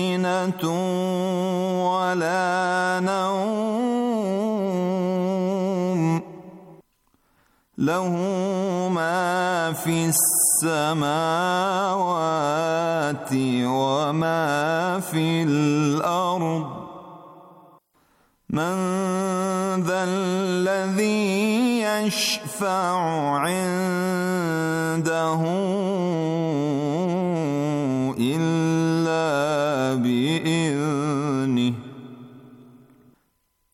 سِنَةٌ وَلَا نَوْمٌ لَهُ مَا فِي السَّمَاوَاتِ وَمَا فِي الْأَرْضِ مَنْ ذَا الَّذِي يَشْفَعُ عِندَهُ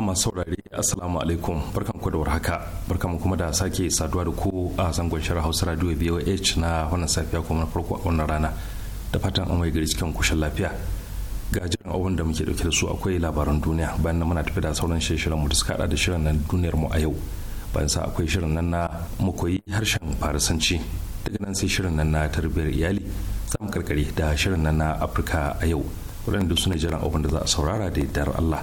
masu saurare assalamu alaikum barkan ku da warhaka barkan kuma da sake saduwa da ku a zangon shirin hausa radio BOH na wannan safiya kuma na farko a wannan rana da fatan an waye gari cikin kushin lafiya ga jiran abin da muke dauke da su akwai labaran duniya bayan muna tafi da sauran shirin mu da suka hada da shirin nan duniyar mu a yau bayan sa akwai shirin nan na mu koyi harshen farisanci daga nan sai shirin nan na tarbiyyar iyali sam mu karkare da shirin nan na afirka a yau waɗanda suna jiran abin da za a saurara da yardar allah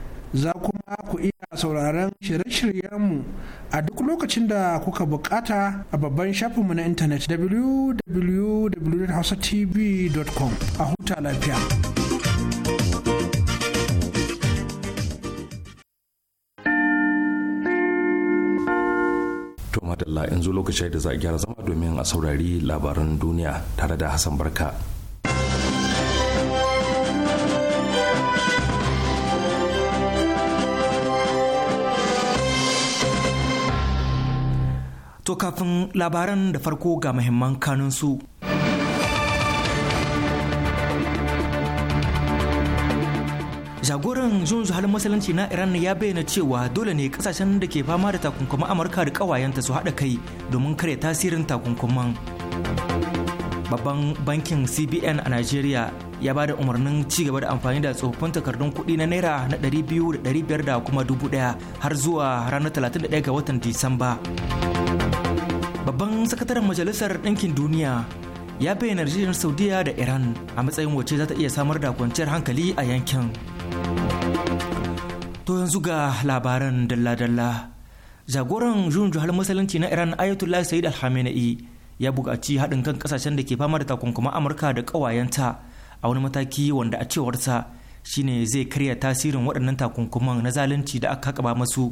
za kuma ku iya sauraron shirye-shiryenmu a duk lokacin da kuka bukata a babban shafinmu na intanet www.hausatv.com a huta lafiya. To madalla yanzu lokacin da za a gyara zama domin a saurari labaran duniya tare da Hassan Barka. To kafin labaran da farko ga muhimman su Jagoran jun halin masalanci na Iran ya bayyana cewa dole ne kasashen da ke fama da takunkuma Amurka da ƙawayenta su haɗa kai domin kare tasirin takunkuman. Babban bankin CBN a Najeriya ya ba da umarnin ci gaba da amfani da tsofaffin takardun kuɗi na naira na 200 da 500 da kuma 1000 har zuwa ranar 31 ga watan Disamba. babban sakataren majalisar ɗinkin duniya ya bayyana rijiyar saudiya da iran a matsayin wace za ta iya samar da kwanciyar hankali a yankin to yanzu ga labaran dalla-dalla jagoran jun juhar na iran ayatollah sayyid alhamenei ya buƙaci haɗin kan kasashen da ke fama da takunkuma amurka da ƙawayenta a wani mataki wanda a cewarsa shine zai karya tasirin waɗannan takunkuman na zalunci da aka haƙa ba masu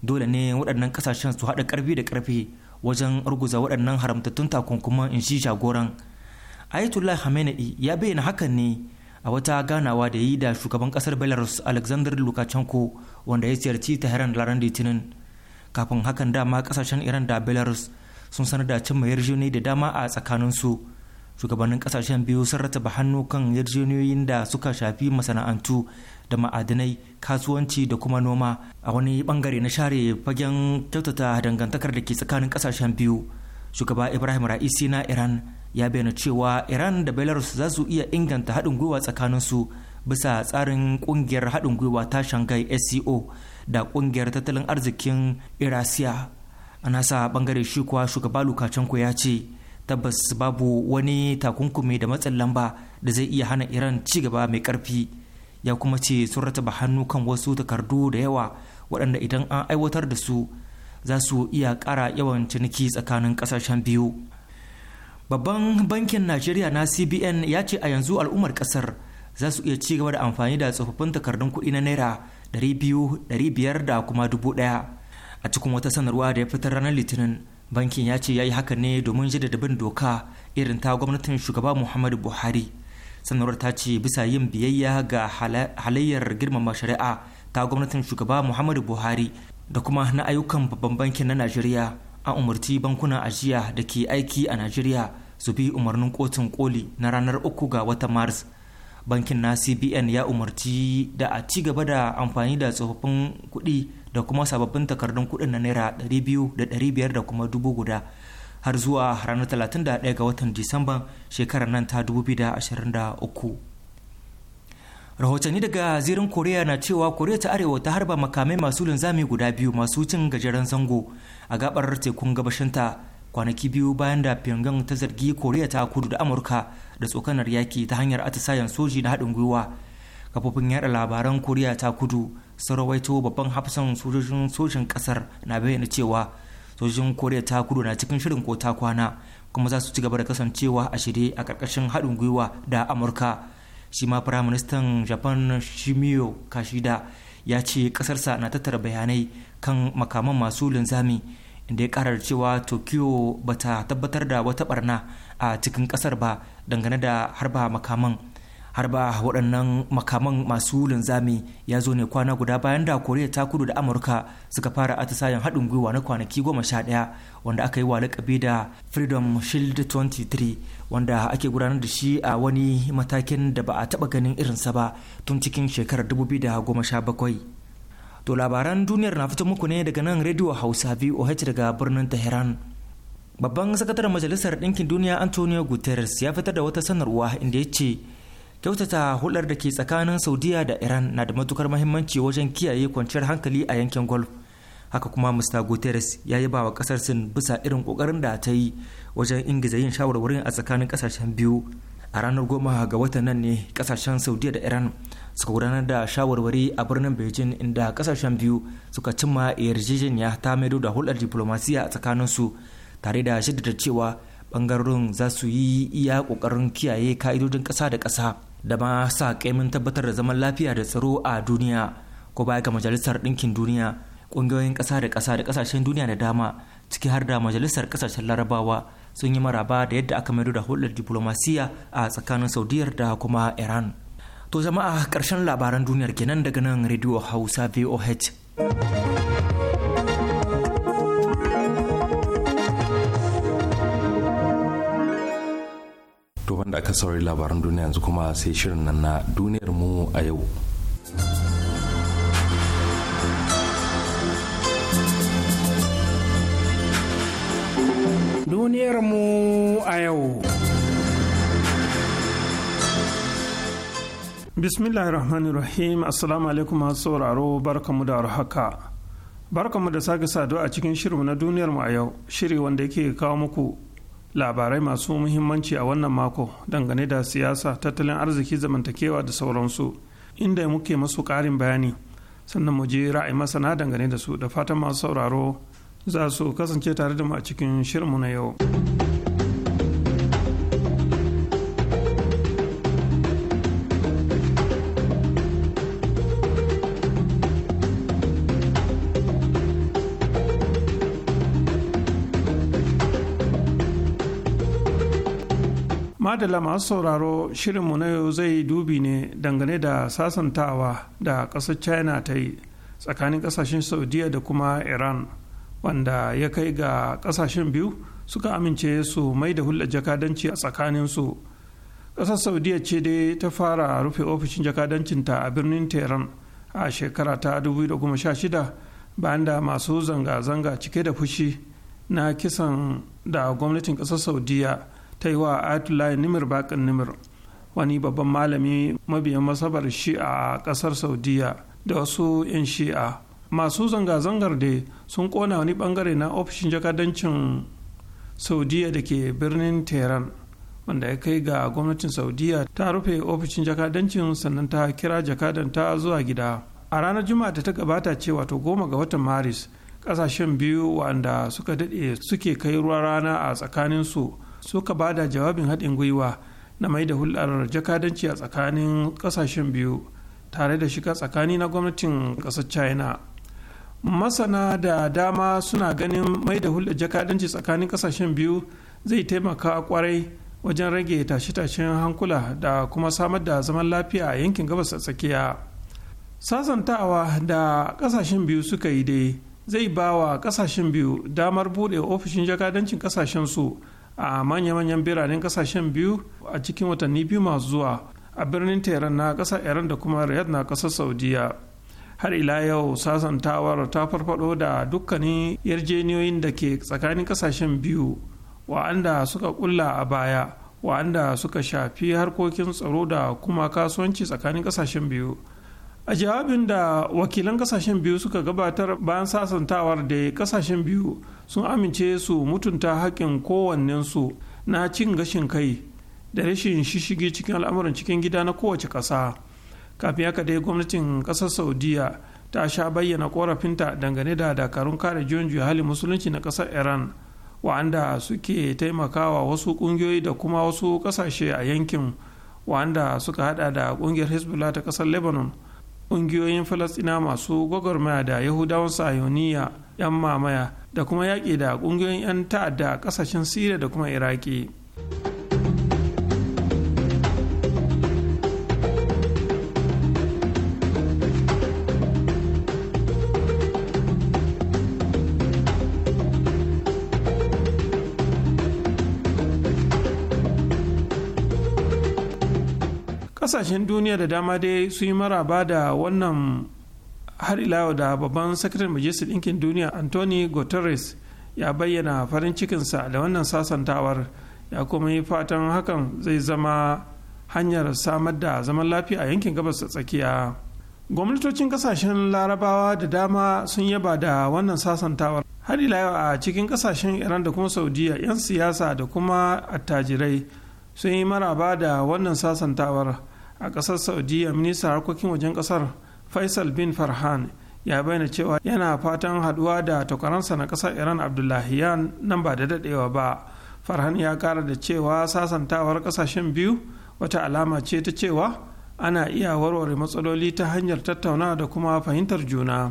dole ne waɗannan ƙasashen su haɗa ƙarfi da ƙarfe wajen ruguza waɗannan haramtattun takunkuman in shi jagoran ayatollah hamenei ya bayyana hakan ne a wata ganawa da yi da shugaban kasar belarus alexander lukashenko wanda ya ziyarci tehran laran litinin kafin hakan dama kasashen iran da belarus sun sanar da cimma yarjejeniyoyi da dama a tsakanin su shugabannin kasashen biyu sun rataba hannu kan yarjejeniyoyin da suka shafi masana'antu da ma'adinai kasuwanci da kuma noma a wani bangare na share fagen kyautata dangantakar da ke tsakanin kasashen biyu shugaba ibrahim ra'isi na iran ya bayyana cewa iran da belarus za su iya inganta haɗin gwiwa tsakanin su bisa tsarin ƙungiyar haɗin gwiwa ta shanghai sco da ƙungiyar tattalin arzikin irasiya a nasa bangare shi kuwa shugaba lukashenko ya ce tabbas babu wani takunkumi da matsin lamba da zai iya hana iran ci gaba mai ƙarfi ya kuma ce sun rataba hannu kan wasu takardu da yawa waɗanda idan an aiwatar da su za su iya ƙara yawan ciniki tsakanin ƙasashen biyu babban bankin najeriya na cbn ya ce a yanzu al'ummar ƙasar za su iya ci gaba da amfani da tsofaffin takardun kuɗi na naira 200 500 da kuma 1000 a cikin wata sanarwa da ya fitar ranar litinin bankin ya ce ya yi haka ne domin jaddada bin doka irin ta gwamnatin shugaba muhammadu buhari sanarwar ta ce bisa yin biyayya ga halayyar girmama shari'a ta gwamnatin shugaba muhammadu buhari da kuma na ayyukan babban bankin na najeriya an umarci bankunan ajiya da ke aiki a najeriya su bi umarnin kotun koli na ranar uku ga wata mars bankin na cbn ya umarci da a ci gaba da amfani da tsofaffin kuɗi da kuma sababbin takardun kuɗin na naira 200 da 500 da kuma dubu guda har zuwa ranar 31 ga watan Disamban shekarar nan ta 2023. Rahotanni daga zirin Koriya na cewa Koriya ta Arewa ta harba makamai masu linzami guda biyu masu cin gajeren zango a gabar tekun gabashinta kwanaki biyu bayan da Pyongyang ta zargi Koriya ta kudu da Amurka da tsokanar yaki ta hanyar atisayen soji na haɗin gwiwa. Kafofin yada labaran Koriya ta kudu sarawaito babban hafsan sojojin sojin ƙasar na bayyana cewa sojin koriya ta kudu na cikin shirin ko ta kwana kuma za su ci gaba da kasancewa a shirye a ƙarƙashin haɗin gwiwa da amurka shi ma firaministan japan shimio kashida ya ce ƙasarsa na tattara bayanai kan makaman masu linzami inda ya karar cewa tokyo ba ta tabbatar da wata barna a cikin ƙasar ba dangane da harba makaman har ba waɗannan makaman masu linzami ya zo ne kwana guda bayan da koriya ta kudu da amurka suka fara atisayen haɗin gwiwa na kwanaki goma sha ɗaya wanda aka yi wa lakabi da freedom shield 23 wanda ake gudanar da shi a wani matakin da ba a taɓa ganin irinsa ba tun cikin shekarar 2017 to labaran duniyar na fito muku ne daga nan rediyo hausa voh daga birnin tehran babban sakataren majalisar ɗinkin duniya antonio guterres ya fitar da wata sanarwa inda ya ce kyautata hulɗar da ke tsakanin saudiya da iran na da matukar mahimmanci wajen kiyaye kwanciyar hankali a yankin golf haka kuma mr guterres ya yi bawa ƙasar sin bisa irin kokarin da ta yi wajen ingiza yin shawarwarin a tsakanin kasashen biyu a ranar goma ga watan nan ne kasashen saudiya da iran suka gudanar da shawarwari a birnin beijing inda kasashen biyu suka cimma yarjejeniya ta maido da hulɗar diplomasiya a su tare da shaidar cewa bangarorin za su yi iya kokarin kiyaye ka'idojin ƙasa da kasa da ma sa kaimin tabbatar da zaman lafiya da tsaro a duniya ko baya ga majalisar ɗinkin duniya ƙungiyoyin ƙasa da ƙasa da ƙasashen duniya da dama ciki har da majalisar ƙasashen larabawa sun yi maraba da yadda aka maido da hulɗar diplomasiya a tsakanin saudiyar da kuma iran to jama'a ƙarshen labaran duniyar kenan daga nan rediyo hausa voh to wanda aka saurari labaran duniya yanzu kuma sai shirin nan na duniyar mu a yau duniyar mu a yau ar-rahim assalamu alaikum masu sauraro barkamu da haka barkamu da sake saduwa a cikin shirin na duniyar mu a yau shiri wanda yake kawo muku labarai masu muhimmanci a wannan mako dangane da siyasa tattalin arziki zamantakewa da sauransu inda muke masu ƙarin bayani sannan mu je ra'ayi masana dangane da su da fatan masu sauraro za su kasance tare da mu a cikin shirinmu na yau. madala masu sauraro shirinmu na yau zai dubi ne dangane da sasantawa da ƙasar china ta yi tsakanin ƙasashen saudiya da kuma iran wanda ya kai ga ƙasashen biyu suka amince su mai da hulɗar jakadanci a tsakaninsu ƙasar saudiya ce dai ta fara rufe ofishin jakadancinta a birnin tehran a shekara ta 2016 bayan da masu zanga-zanga cike da fushi na kisan da gwamnatin ƙasar saudiya ta yi wa ayatollah nimir bakin nimir wani babban malami mabiyan masabar shi'a a kasar saudiya da wasu 'yan shi'a masu zanga-zangar da sun kona wani bangare na ofishin jakadancin saudiya da ke birnin tehran wanda ya kai ga gwamnatin saudiya ta rufe ofishin jakadancin sannan ta kira jakadanta zuwa gida a ranar juma'a da ta gabata ce wato goma ga watan maris kasashen biyu wanda suka daɗe suke kai ruwa rana a tsakaninsu suka ba da jawabin haɗin gwiwa na mai da hulɗar jakadanci a tsakanin ƙasashen biyu tare da shiga tsakani na gwamnatin ƙasar china masana da dama suna ganin mai da hulɗar jakadanci tsakanin ƙasashen biyu zai taimaka kwarai wajen rage tashe-tashen hankula da kuma samar da zaman lafiya a yankin gabas tsakiya sasantawa da ƙasashen biyu suka yi dai zai ba wa ƙasashen biyu damar buɗe ofishin jakadancin ƙasashen su a manya-manyan biranen kasashen biyu a cikin watanni biyu masu zuwa a birnin tehran na kasar iran da kuma riyadh na kasar saudiya har ila yau sasantawar ta farfado da dukkanin yarjeniyoyin da ke tsakanin kasashen biyu wa'anda suka kulla a baya wa'anda suka shafi harkokin tsaro da kuma kasuwanci tsakanin kasashen biyu a jawabin da wakilan kasashen biyu suka gabatar bayan sasantawar da kasashen biyu sun amince su mutunta haƙƙin kowannensu na cin gashin kai da rashin shishigi cikin al'amuran cikin gida na kowace ƙasa kafin haka dai gwamnatin ƙasar saudiya ta sha bayyana korafinta dangane da dakarun kare juyin juya hali musulunci na ƙasar iran wa'anda suke taimakawa wasu ƙungiyoyi da kuma wasu ƙasashe a yankin wa'anda suka hada da ƙungiyar hezbollah ta ƙasar lebanon ƙungiyoyin falastina masu gwagwarmaya da yahudawan sayoniya 'yan mamaya da kuma yaƙi da ƙungiyoyin 'yan ta'adda a ƙasashen siriya da kuma iraki. kasashen duniya da dama dai sun yi maraba da wannan har ila da babban sakataren majalisar ɗinkin duniya anthony guterres ya bayyana farin cikinsa da wannan sasantawar ya kuma yi fatan hakan zai zama hanyar samar da zaman lafiya a yankin gabas tsakiya gwamnatocin kasashen larabawa da dama sun yaba da wannan sasantawar har ila a cikin kasashen iran da kuma saudiya 'yan siyasa da kuma attajirai sun yi maraba da wannan sasantawar a ƙasar saudiya ministan harkokin wajen ƙasar faisal bin farhan ya bayyana cewa yana fatan haduwa da takwaransa na ƙasar iran abdullahiyan nan ba da daɗewa ba farhan ya ƙara da cewa sasantawar ƙasashen biyu wata alama ce ta cewa ana iya warware matsaloli ta hanyar tattaunawa da kuma fahimtar juna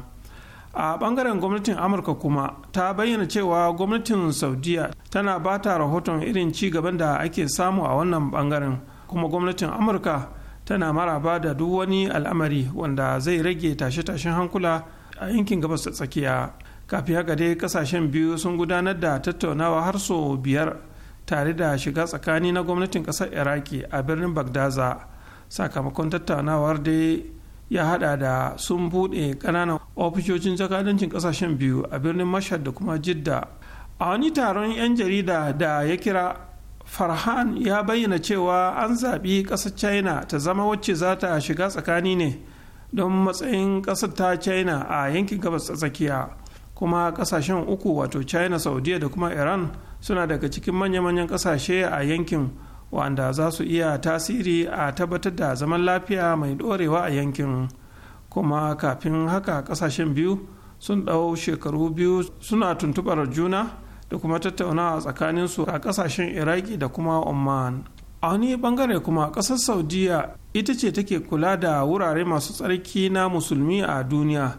a bangaren gwamnatin amurka kuma ta bayyana cewa gwamnatin saudiya tana ba ta rahoton irin ci gaban da ake samu a wannan bangaren kuma gwamnatin amurka tana maraba da duk wani al'amari wanda zai rage tashe-tashen hankula a yankin gabas ta tsakiya kafin haka dai kasashen biyu sun gudanar da tattaunawa har sau biyar tare da shiga tsakani na gwamnatin kasar iraki a birnin bagdaza sakamakon tattaunawar dai ya hada da sun buɗe ƙananan ofishocin jakadancin kasashen biyu a birnin mashhad da kuma jidda a wani taron 'yan jarida da ya kira farhan ya bayyana cewa an zaɓi ƙasar china ta zama wacce za ta shiga tsakani ne don matsayin ƙasar ta china a yankin gabas tsakiya kuma ƙasashen uku wato china saudiya da kuma iran suna daga cikin manya-manyan ƙasashe a yankin wanda za su iya tasiri a tabbatar da zaman lafiya mai ɗorewa a yankin kuma kafin haka ƙasashen biyu sun ɗau shekaru biyu suna tuntuɓar juna da kuma tattaunawa tsakanin su a kasashen iraki da kuma oman a wani bangare kuma kasar saudiya ita ce take kula da wurare masu tsarki na musulmi a duniya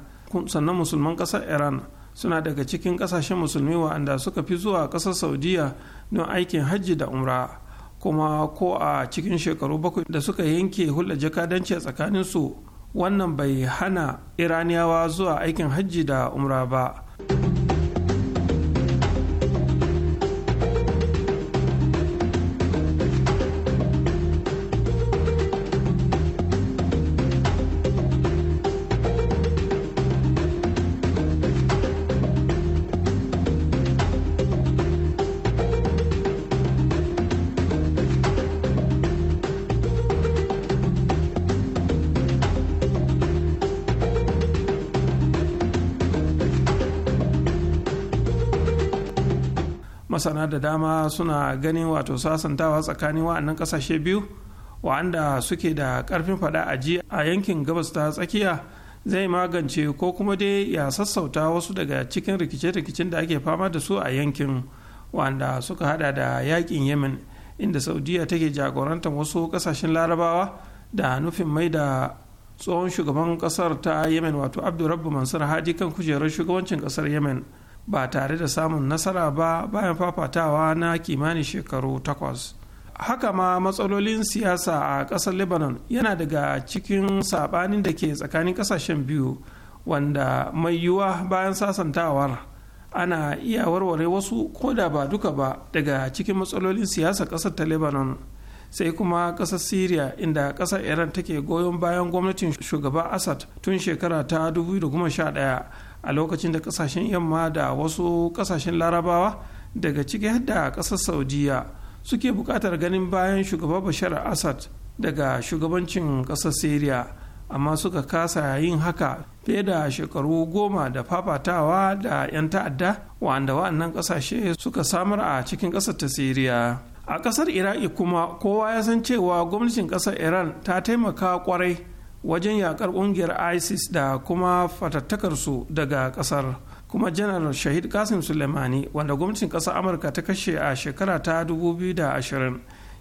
sannan musulman kasar iran suna daga cikin kasashen musulmi waɗanda suka fi zuwa kasar saudiya don aikin hajji da umra kuma ko a cikin shekaru bakwai da suka yanke hulɗa jakadanci a tsakaninsu wannan bai hana iraniyawa zuwa aikin hajji da umra ba masana da dama suna ganin wato sasantawa tsakanin wa'annan kasashe biyu wa'anda suke da karfin fada a ji a yankin gabas ta tsakiya zai magance ko kuma dai ya sassauta wasu daga cikin rikice-rikicen da ake fama da su a yankin wanda suka hada da yakin yemen inda saudiya take jagorantar wasu kasashen larabawa da nufin mai da tsohon shugaban kasar ta yemen wato abdurrabbu mansur hadi kan kujerar shugabancin kasar yemen ba tare da samun nasara ba bayan fafatawa na kimanin shekaru takwas haka ma matsalolin siyasa a ƙasar lebanon yana daga cikin saɓanin da ke tsakanin ƙasashen biyu wanda mai yiwuwa bayan sasantawar ana iya warware wasu ko da ba duka ba daga cikin matsalolin siyasa ƙasar ta lebanon sai kuma ƙasar syria inda ƙasar iran take goyon bayan gwamnatin shugaba assad tun shekara ta 2011 a lokacin da kasashen yamma da wasu kasashen larabawa daga ciki da kasar saudiya suke buƙatar ganin bayan shugaba bashar assad daga shugabancin kasar syria amma suka kasa yin haka fiye da shekaru goma da fafatawa da 'yan ta'adda wa'anda wa'annan kasashe suka samar a cikin kasar ta syria a kasar iraki kuma kowa ya san cewa gwamnatin kasar iran ta taimaka kwarai wajen yakar kungiyar isis da kuma fatattakarsu daga kasar kuma janar shahid kasim sulemani wanda gwamnatin kasar amurka ta kashe a shekara ta 2020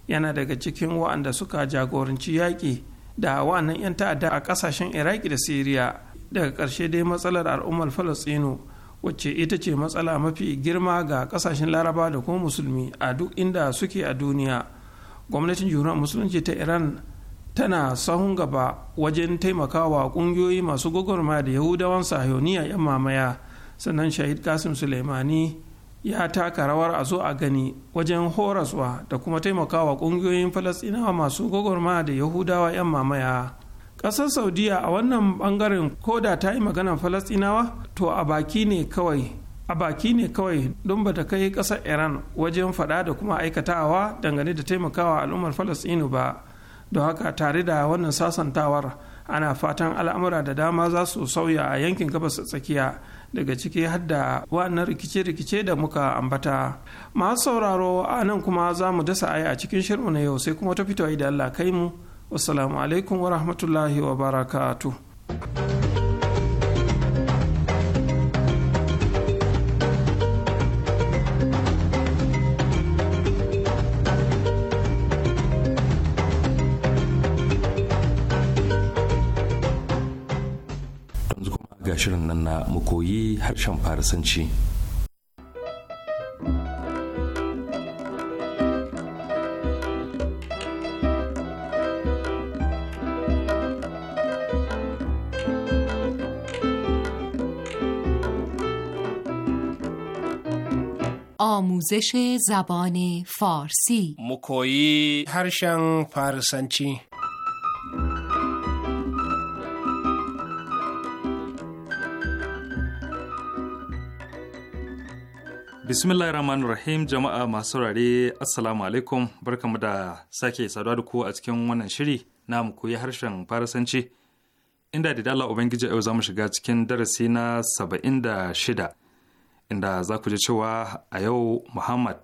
yana daga cikin wa'anda suka jagoranci yaƙi da wa'annan 'yan ta'adda a ƙasashen iraki da siriya daga ƙarshe dai matsalar al'ummar falastinu wacce ita ce matsala mafi girma ga ƙasashen laraba da kuma musulmi a duk inda suke a duniya gwamnatin juna musulunci ta iran tana sahun gaba wajen taimakawa kungiyoyi masu gwagwarmaya da yahudawan sahiyoniya 'yan mamaya sannan shahid kasim suleimani ya taka rawar a zo a gani wajen horaswa da kuma taimakawa kungiyoyin falasɗinawa masu gwagwarmaya da yahudawa 'yan mamaya ƙasar saudiya a wannan bangaren ko da ta yi maganar falasɗinawa to a baki ne kawai a baki ne kawai don ba ta kai ƙasar iran wajen faɗa da kuma aikatawa dangane da taimakawa al'ummar falasɗinu ba don haka tare da wannan sasantawar ana fatan al'amura da dama za su sauya a yankin gabas tsakiya daga ciki har da wannan rikice-rikice da muka ambata masu sauraro a nan kuma za mu dasa aya a cikin shirmu na yau sai kuma ta fito da Allah kai mu wasu alaikum wa rahmatullahi wa barakatuh shirin nan na koyi harshen farisanci آموزش زبان فارسی مکویی هرشن فارسنچی Bismillahir Rahmanir Rahim jama'a masu saurare Assalamu alaikum barkamu da sake saduwa da ku a cikin wannan shiri na mu koyi harshen Farasanci inda da Allah Ubangiji yau za mu shiga cikin darasi na saba'in da shida inda za ku ji cewa a yau Muhammad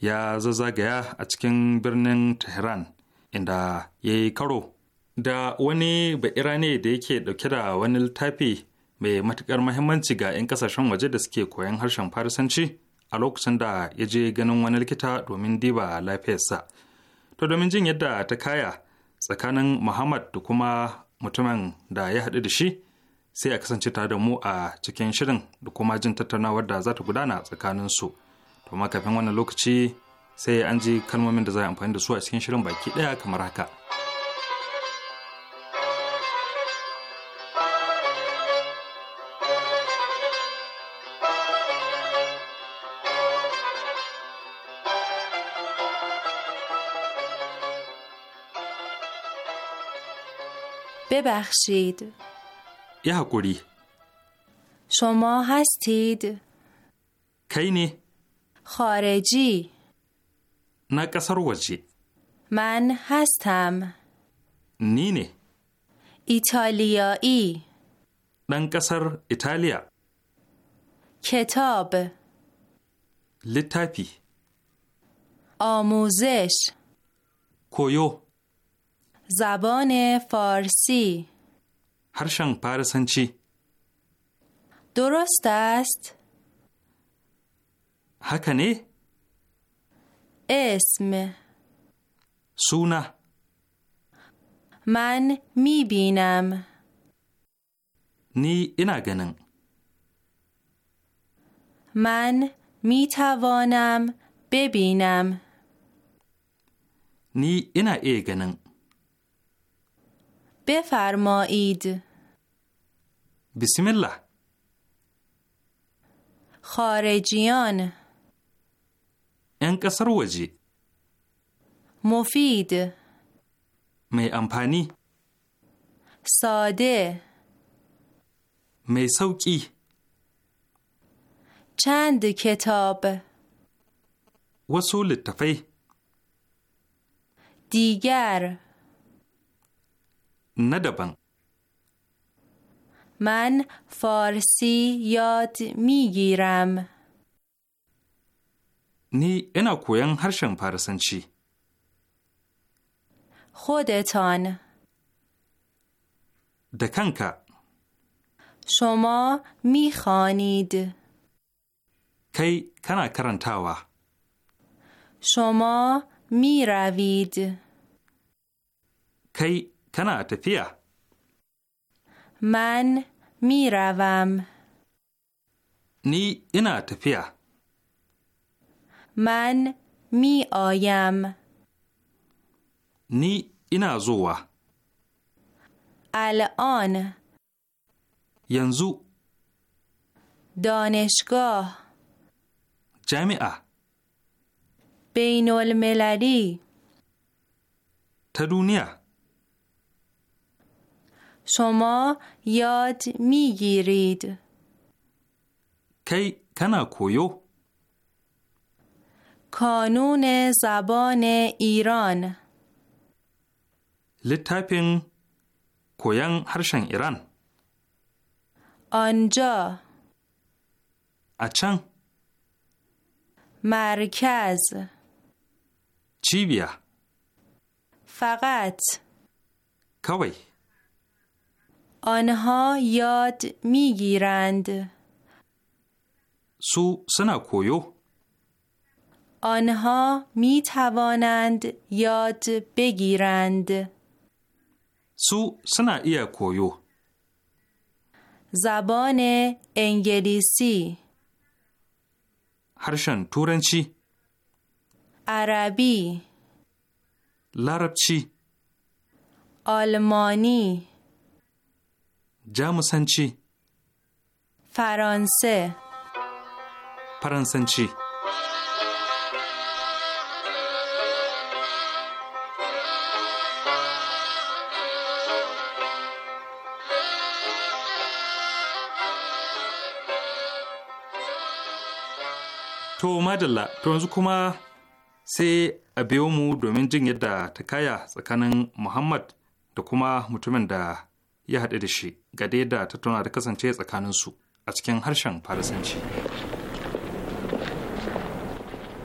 ya zazzagaya a cikin birnin Tehran inda ya yi karo da wani ba'ira ne da yake dauke da wani littafi mai matukar mahimmanci ga 'yan kasashen waje da suke koyan harshen farisanci a lokacin da ya je ganin wani likita domin diba lafiyarsa to domin jin yadda ta kaya tsakanin muhammad da kuma mutumin da ya haɗu da shi sai a kasance tare da mu a cikin shirin da kuma jin tattaunawar da za ta gudana tsakaninsu to ma kafin wannan lokaci sai an ji kalmomin da za a amfani da su a cikin shirin baki ɗaya kamar haka. ببخشید یه گوری شما هستید؟ کینی خارجی نکسر وجی من هستم نینی ایتالیایی من ایتالیا کتاب لتاپی آموزش کویو زبان فارسی پارسن چی؟ درست است هکنه اسم سونه من می بینم نی اینا گنن من می توانم ببینم نی اینا ای گنن بفرمایید بسم الله خارجیان انکسر وجی مفید می امپانی ساده می سوکی چند کتاب وصول تفی دیگر نه دبن من فارسی یاد میگیرم نی اینا کویان هرشن فارسنچی خودتان دکنکا شما میخوانید کی کنا کرنتاوا شما میروید کی kana tafiya? Man miravam. Ni ina tafiya. Man mi oyam. Ni ina zowa. Al on. Yanzu. Donishgoh. Jami'a. Bainul Melari. Ta duniya. شما یاد میگیرید کی کنا کویو کانون زبان ایران تایپین کویان هرشن ایران آنجا اچان. مرکز چی بیا فقط کوی آنها یاد میگیرند سو سنا کویو آنها می توانند یاد بگیرند سو سنا ایا کویو زبان انگلیسی هرشن تورنچی عربی لربچی آلمانی jamusanci فرانسه faransanci. To madalla, to yanzu kuma sai a biyo mu domin jin yadda ta kaya tsakanin Muhammad da kuma mutumin da ya haɗu da shi ga da yadda tattauna da kasance tsakaninsu harshen farisanci.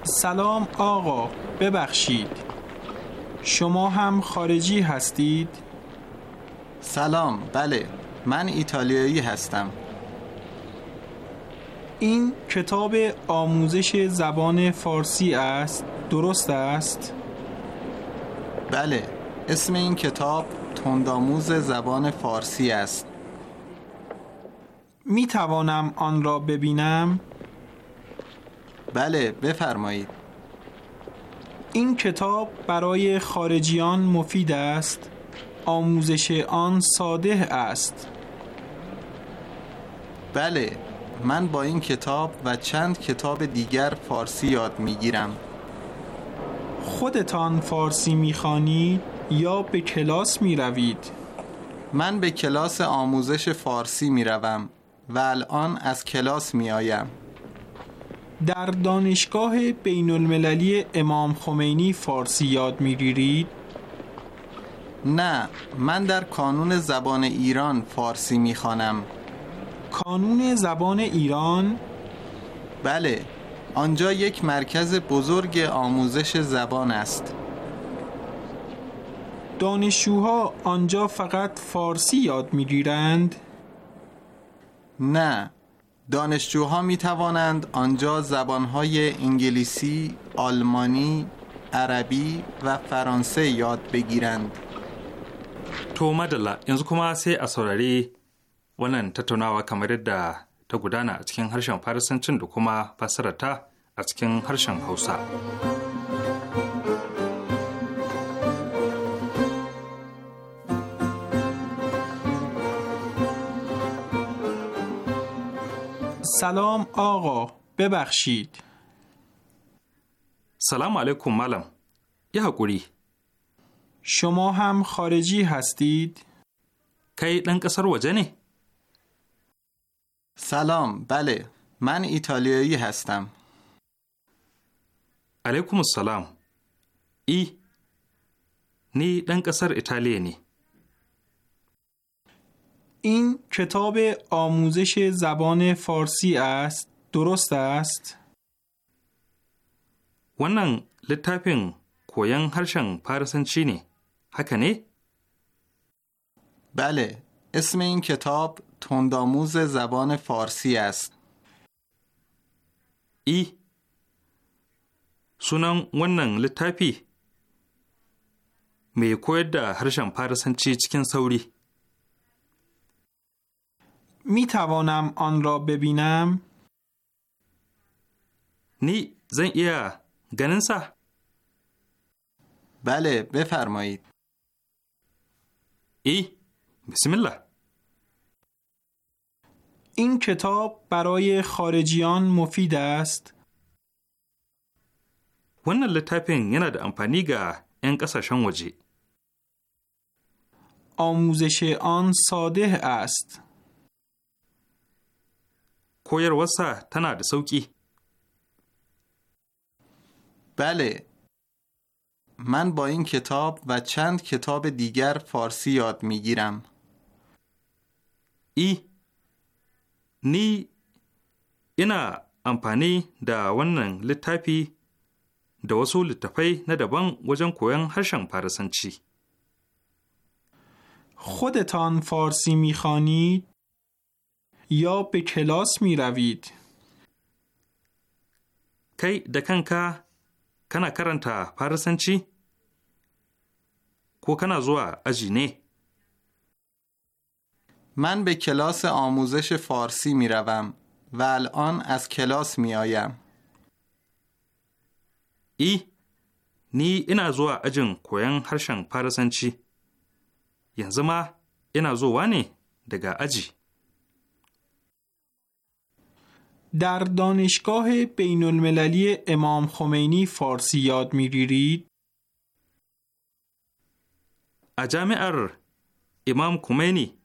سلام آقا ببخشید شما هم خارجی هستید؟ سلام بله من ایتالیایی هستم این کتاب آموزش زبان فارسی است درست است؟ بله اسم این کتاب تنداموز زبان فارسی است می توانم آن را ببینم؟ بله بفرمایید این کتاب برای خارجیان مفید است آموزش آن ساده است بله من با این کتاب و چند کتاب دیگر فارسی یاد می گیرم خودتان فارسی می خانید؟ یا به کلاس می روید؟ من به کلاس آموزش فارسی می روم و الان از کلاس می آیم. در دانشگاه بین المللی امام خمینی فارسی یاد می نه من در کانون زبان ایران فارسی می خوانم. کانون زبان ایران؟ بله آنجا یک مرکز بزرگ آموزش زبان است دانشجوها آنجا فقط فارسی یاد میگیرند؟ نه دانشجوها می توانند آنجا زبان‌های انگلیسی، آلمانی، عربی و فرانسه یاد بگیرند. تو مدلا yanzu kuma sai a saurari wannan tattaunawa kamar yadda ta gudana a cikin harshen Farisancin da kuma fassararta a cikin harshen Hausa. سلام آقا ببخشید سلام علیکم ملم یه حقوری شما هم خارجی هستید؟ کی دن قصر وجنه؟ سلام بله من ایتالیایی هستم علیکم السلام ای نی دن قصر ایتالیایی این کتاب آموزش زبان فارسی است درست است wannan littafin koyon harshen farisanci ne haka ne بله اسم این کتاب tondamuz زبان فارسی است ای sunan wannan littafi mai koyar da harshen farisanci cikin sauri می توانم آن را ببینم؟ نی زن یا گننسا بله بفرمایید ای بسم الله این کتاب برای خارجیان مفید است wannan littafin yana da amfani ga 'yan آموزش آن ساده است. koyarwarsa tana da sauƙi. بله من با این کتاب و چند کتاب دیگر فارسی یاد میگیرم ای نی اینا امپانی دا ونن لطفی دا وسو لطفی ندبان وجن کوین هرشن پارسنچی خودتان فارسی میخوانید؟ یا به کلاس می روید؟ کی دکنکا کنا کرنتا پارسنچی؟ کو کنا زوا اجی نه؟ من به کلاس آموزش فارسی می روم و الان از کلاس می آیم. ای نی اینا زوا اجن کویان هرشن پارسنچی. ینزما اینا زوا نه دگا اجی. در دانشگاه بین المللی امام خمینی فارسی یاد میگیرید؟ اجام ار امام خمینی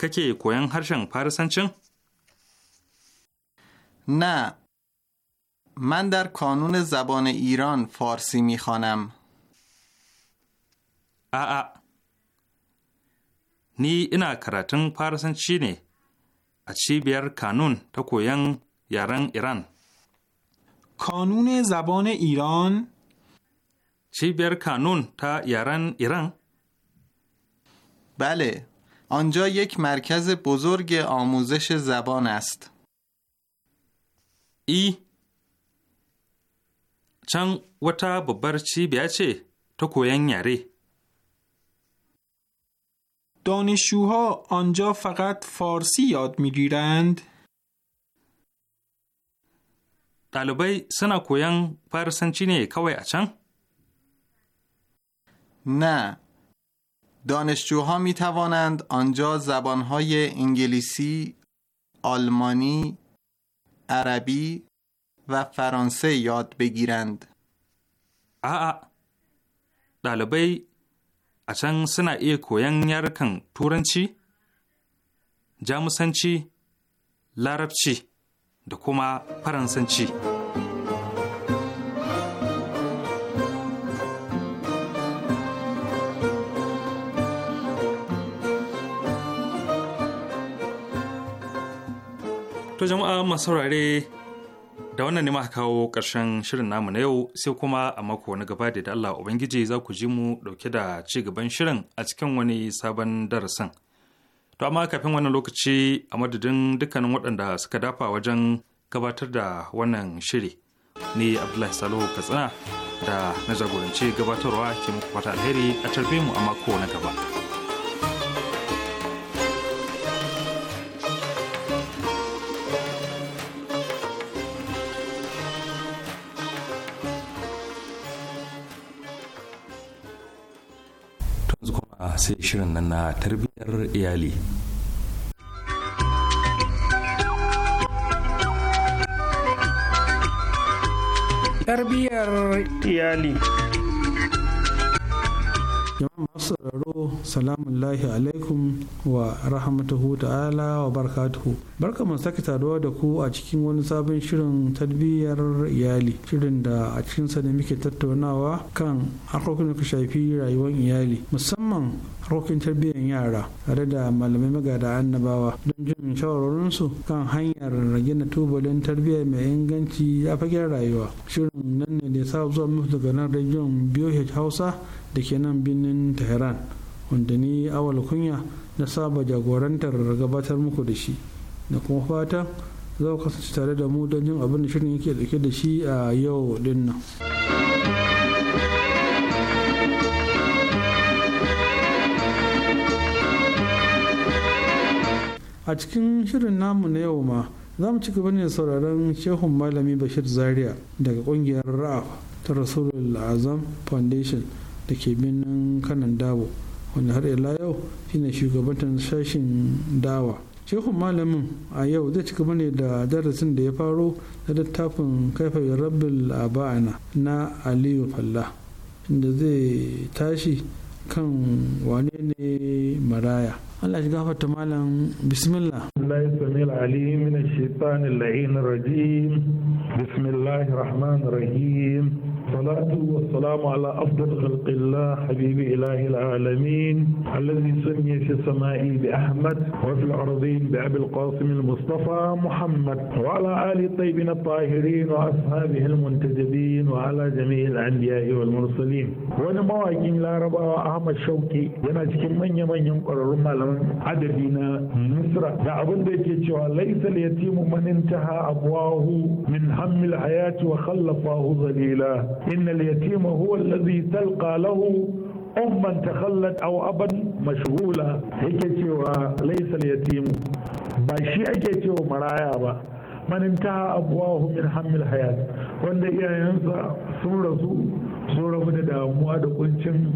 که که کوین هرشن پارسن چن؟ نه من در کانون زبان ایران فارسی می خانم آآ نی اینا کراتن پارسن چی نه؟ چی cibiyar kanun تا کوینگ yaren ایران؟ کانون زبان ایران چی بر کانون تا یاران ایران بله آنجا یک مرکز بزرگ آموزش زبان است ای چنگ تا ببر چی بیا چه تو کوینگ یاری؟ دانشجوها آنجا فقط فارسی یاد میگیرند؟ طالبای سنا کویان farisanci نه دانشجوها می توانند آنجا زبانهای انگلیسی، آلمانی، عربی و فرانسه یاد بگیرند. آ طالبای A can suna iya koyon yarukan Turanci, Jamusanci, Larabci da kuma Faransanci. To jama'a masu saurare da wannan ne maka kawo ƙarshen shirin namu na yau sai kuma a mako na gaba da Allah Ubangiji za ku ji mu ɗauke da ci gaban shirin a cikin wani sabon darasin. To amma kafin wannan lokaci a madadin dukkanin waɗanda suka dafa wajen gabatar da wannan shiri. Ni Abdullahi salo Katsina da na jagoranci gabatarwa ke muku fata alheri a tarbe mu a mako na gaba. sai shirin nan na tarbiyyar iyali tarbiyyar iyali jama'a masu sauraro salamun lahi alaikum wa rahmatuhu ta'ala wa barkatuhu barka mu sake saduwa da ku a cikin wani sabon shirin tarbiyyar iyali shirin da a cikin ne muke tattaunawa kan harkokin da shafi rayuwar iyali musamman harkokin tarbiyyar yara tare da malamai magada annabawa don jin shawarwarinsu, kan hanyar gina tubalin tarbiyya mai inganci a fagen rayuwa shirin nan ne da ya zuwa musu daga nan rajon biyu hausa da ke nan birnin tehran wanda ni awal kunya na saba jagorantar gabatar muku da shi da kuma fata za ku kasance tare da mu don jin abin da shirin yake dauke da shi a yau din nan a cikin shirin namu na yau ma za mu ci gaba ne sauraron shehun malami bashir zaria daga kungiyar ra'af ta rasulul azam foundation da ke birnin kanan dabo wanda har ila yau shine shugabantar sashen dawa shehun malamin a yau zai cika ne da darasin da ya faro na littafin kaifa rabbil aba'ana na aliyu falla inda zai tashi kan wane ne maraya Allah ya gafarta malam bismillah. Allah ya sami al'ali min shaitan la'in rajim bismillahir rahman rahim salatu wa salamu ala afdal khalqillah habibi ilahi alamin alladhi samiya fi samai bi ahmad wa fil ardin bi abi al-qasim mustafa muhammad wa ala ali tayyibin at-tahirin wa ashabihi al-muntajibin wa ala jami'i al-anbiya wal mursalin wani mawakin larabawa ahmad shauki yana cikin manya-manyan ƙwararrun malamai adadi na misra da abin da yake cewa laisa yatimu man intaha min hammil hayati wa khallafahu zalila inna yatima huwa alladhi talqa lahu umman takhallat aw aban mashghula yake cewa laisa yatimu ba shi ake cewa maraya ba manintaha intaha min hammil hayat wanda iyayensa sun rasu sun rabu da damuwa da kuncin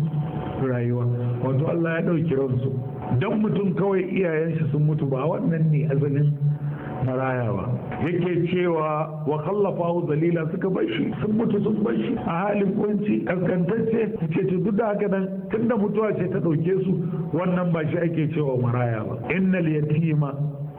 rayuwa wato Allah ya ɗauki ransu don mutum kawai iyayensa sun mutu ba wannan ne azalin maraya ba yake cewa wa kallafa dalila suka bashi sun mutu sun bashi a halin kunci kaskantacce ce ce duk da haka nan tunda mutuwa ce ta ɗauke su wannan ba shi ake cewa maraya ba innal yatima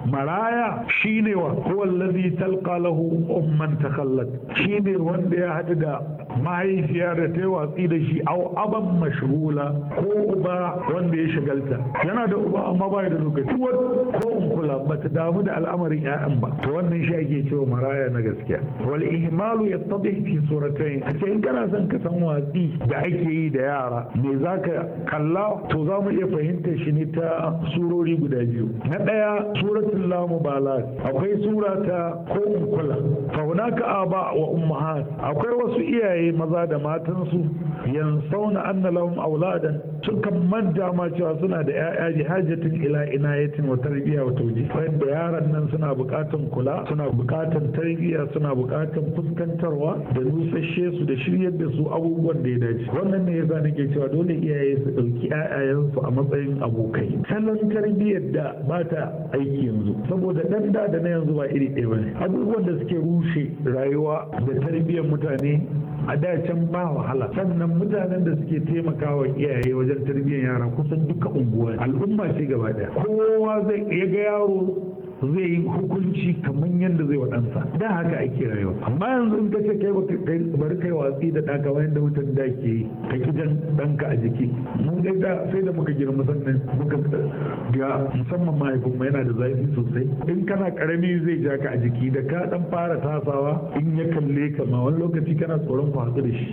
maraya shine wa huwa allazi talqa lahu umman takallat shine wanda ya hadu da mahaifiya da ta yi watsi da shi au aban mashgula ko uba wanda ya shagalta yana da uba amma ba da lokaci ko unkula ba ta damu da al'amarin 'ya'yan ba to wannan shi ake cewa maraya na gaskiya wal ihmalu yattadih fi suratayn a in kana son ka san watsi da ake yi da yara me zaka kalla to za mu iya fahimtar shi ne ta surori guda biyu na ɗaya suratun lamu lamubalat akwai sura ta ko in fa hunaka aba wa ummahat akwai wasu iyaye iyaye maza da matansu yansauna anna lahum auladan Sukan manta ma cewa suna da ya'ya hajjatin ila ina yatin wa tarbiya wa tauji wanda yaran nan suna buƙatan kula suna buƙatan tarbiyya, suna buƙatan fuskantarwa da nusashe su da shiryar da su abubuwan da ya dace wannan ne yasa nake cewa dole iyaye su ɗauki ƴaƴayensu a matsayin abokai salon tarbiyyar da ba ta aiki yanzu saboda ɗan da da na yanzu ba iri ɗaya bane abubuwan da suke rushe rayuwa da tarbiyyar mutane a da can ba wahala sannan mutanen da suke taimakawa iyaye wajen wajen tarbiyyar yara kusan duka unguwa al'umma ce gaba daya kowa zai ga yaro zai yi hukunci kamar yadda zai waɗansa da haka ake rayuwa amma yanzu in kace kai bari kai watsi da ɗaka wayan da mutum da ke ka kidan ɗanka a jiki mun dai da sai da muka girma sannan muka ga musamman mahaifin mu yana da zafi sosai in kana karami zai ja ka a jiki da ka dan fara tasawa in ya kalle ka ma wani lokaci kana tsoron ku da shi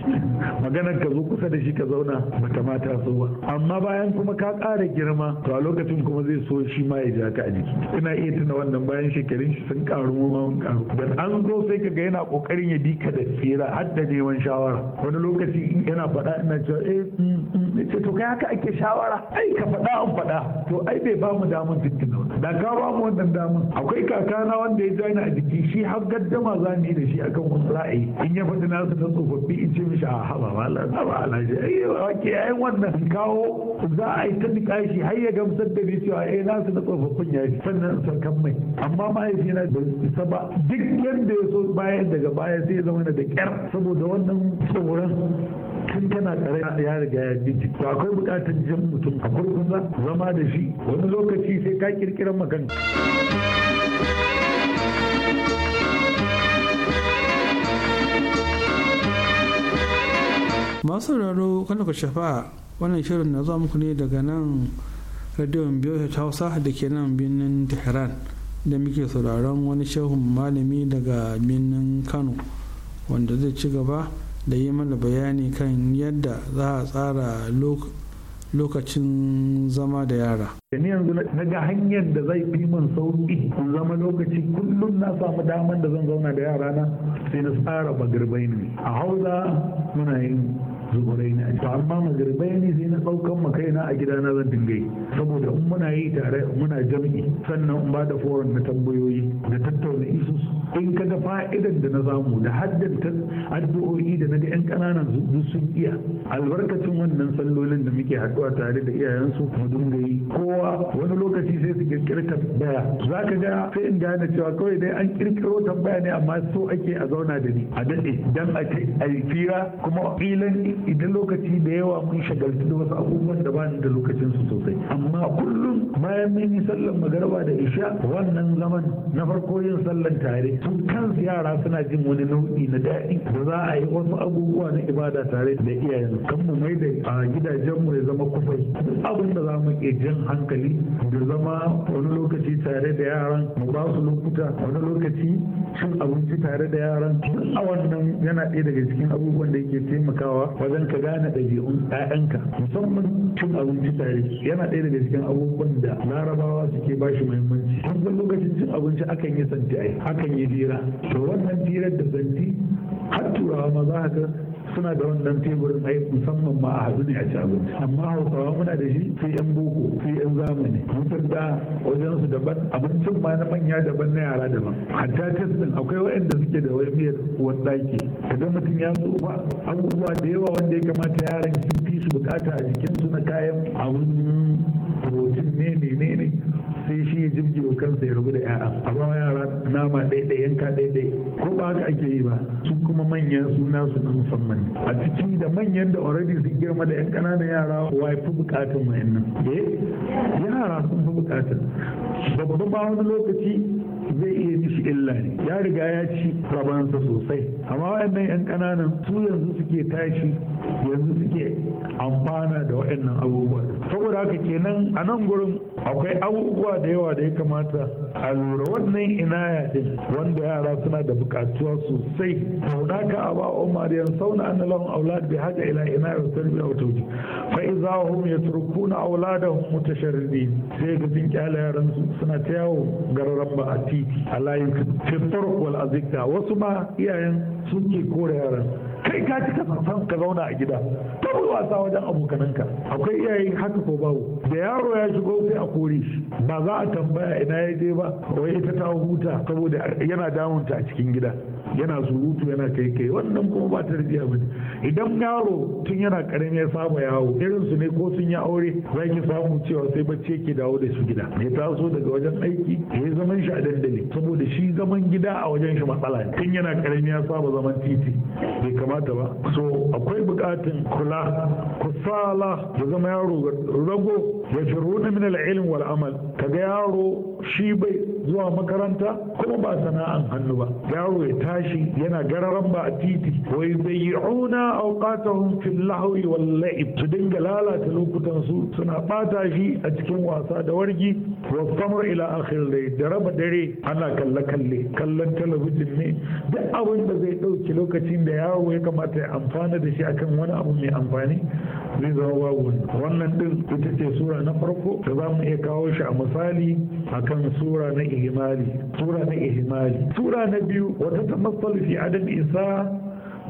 maganar ka zo kusa da shi ka zauna bata ma taso ba amma bayan kuma ka ƙara girma to a lokacin kuma zai so shi ma ya ja ka a jiki ina iya tuna wannan bayan shekarun shi sun karu mun karu ban an zo sai ka ga yana kokarin ya dika da tsira har da neman shawara wani lokaci yana faɗa ina cewa eh mm, mm. ce to kai haka ake shawara ai ka faɗa an faɗa to ai bai ba mu damun tuntuna da ka ba mu wannan damun akwai kakana wanda ya jani a jiki shi har gaddama za mu yi da shi akan wasu ra'ayi in ya faɗi su na tsofaffi in ce mishi a ah, haba ba haba alhaji ai wake ai wannan kawo za a yi ta niƙa shi har ya gamsar da ni cewa eh na su na tsofaffin ya yi sannan kan mai amma mahaifina da isa ba duk yadda ya so bayan daga baya sai ya zama da kyar saboda wannan tsoron tun tana tsare ya riga ya ji to akwai buƙatar jin mutum a kurkusa zama da shi wani lokaci sai ka ƙirƙirar magana masu sauraro kan ka shafa wannan shirin na zuwa muku ne daga nan radiyon biyu ta hausa da ke nan birnin tehran da muke sauraron wani shehun malami daga birnin kano wanda zai ci gaba da yi mana bayani kan yadda za a tsara lokacin zama da yara. da ni yanzu na ga hanyar da zai fi min sauki in zama lokaci kullum na samu damar da zan zauna da yara na sai na tsara bagirbai ne a hausa muna yin zuhurai na to amma magaribai ne sai na ɗaukan ma kaina a gidana zan dinga yi saboda in muna yi tare muna jam'i sannan in bada da foron na tambayoyi na tattauna Isu. in ka ga fa'idan da na samu da haddanta addu'o'i da na ga yan ƙananan su sun iya albarkacin wannan sallolin da muke haɗuwa tare da iyayensu mu dinga yi kowa wani lokaci sai su kirkiri tambaya za ka ga sai in gane cewa kawai dai an kirkiro tambaya ne amma so ake a zauna da ni a daɗe dan a ce a fira kuma ƙilan idan lokaci da yawa mun shagaltu da wasu abubuwan da ba ni da lokacin su sosai amma kullum bayan mun yi sallan magarba da isha wannan zaman na farko yin sallan tare su kansu yara suna jin wani nau'i na daɗi da za a yi wasu abubuwa na ibada tare da iyayen kan mu mai da mu ya zama kufai abin da za mu iya jan hankali da zama wani lokaci tare da yaran mu ba su lokuta wani lokaci cin abinci tare da yaran a wannan yana ɗaya daga cikin abubuwan da yake taimakawa zan ka gane ɗabi'un ƴaƴanka musamman cin abinci tare yana ɗaya daga cikin abubuwan da larabawa suke ba shi muhimmanci kun san lokacin cin abinci akan yi santi ai akan yi jira to wannan jirar da santi har turawa ma za ka suna da wannan teburin ai musamman ma a hadu ne a ci abinci amma hausawa muna da shi sai yan boko sai yan zamani mun da wajen su daban abincin ma na manya daban na yara daban hatta test din akwai waɗanda suke da wai miyar uwar ɗaki kaga mutum ya ba abubuwa da yawa wanda ya kamata yaran sun fi su bukata a jikinsu na kayan abun protein ne ne ne sai shi ya jibge kansa ya rubu da ya'ya a yara nama ɗaiɗai yanka ɗaiɗai ko ba haka ake yi ba su kuma manyan suna su na musamman a ciki da manyan da already su girma da 'yan ƙananan yara wa ya fi bukatun wayannan eh, yara sun fi bukatun babba ba wani lokaci zai iya mishi illa ne ya riga ya ci rabansa sosai amma wayannan yan kananan su yanzu suke tashi yanzu suke amfana da wa'annan abubuwa saboda haka kenan a nan gurin akwai abubuwa da yawa da ya kamata a lura wannan ya din wanda yara suna da bukatuwa sosai saboda ka a ba umar yan sauna an lahum aulad bi haja ila inaya wa tarbiya a tawji fa idza hum yatrukuna auladahum mutasharridin sai ga bin kyala yaran suna ta yawo gararan ba a ti yi Allah ya wal azikta wasu ma iyayen sun ke kore yaran kai ka ci ka san ka zauna a gida ta wasa wajen abokananka akwai iyaye haka ko babu da yaro ya shigo sai a kore ba za a tambaya ina ya je ba wai ita ta huta saboda yana damunta a cikin gida yana surutu yana kai kai wannan kuma ba tarbiya bane idan yaro tun yana karami ya saba yawo irin su ne ko sun yi aure za ki samu cewa sai bacci yake dawo da su gida ya taso daga wajen aiki ya zaman shi a dandali saboda shi zaman gida a wajen shi matsala ne tun yana karami ya saba zaman titi bai kamata ba so akwai bukatun kula kusala ya zama yaro rago yafiruna min al-ilm wal amal ka kaga yaro shi bai zuwa makaranta kuma ba sana'an hannu ba yaro ya tashi yana gararan ba a titi wa yubayyi'una awqatahum fil lahwi wal la'ib su dinga lalata lokutan su suna bata shi a cikin wasa da wargi wa samar ila akhir dai da raba dare ana kalle kalle kallon talabijin ne duk abin da zai dauki lokacin da yaro ya kamata ya amfana da shi akan wani abu mai amfani zai zama babu wannan din ita ce sura na farko da za mu iya kawo shi a misali akan sura na إهمالي سورة إهمالي سورة نبي وتتمثل في عدم إنسان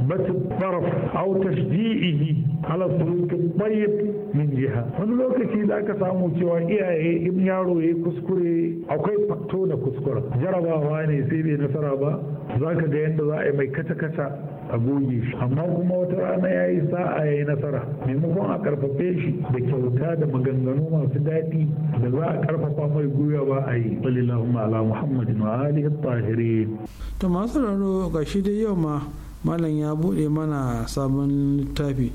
بث الطرف أو تشجيعه على السلوك الطيب من wani lokaci da aka samu cewa iyaye in yaro ya kuskure akwai fakto na kuskure jarabawa ne sai bai nasara ba za ka ga yadda za a yi mai kata-kata a goge shi amma kuma wata rana ya yi sa'a ya yi nasara maimakon a karfafe shi da kyauta da maganganu masu daɗi da za a karfafa mai gwiwa ba a yi sallallahu ala muhammadin wa alihi tahirin to masu raro ga shi da yau ma malam ya bude mana sabon littafi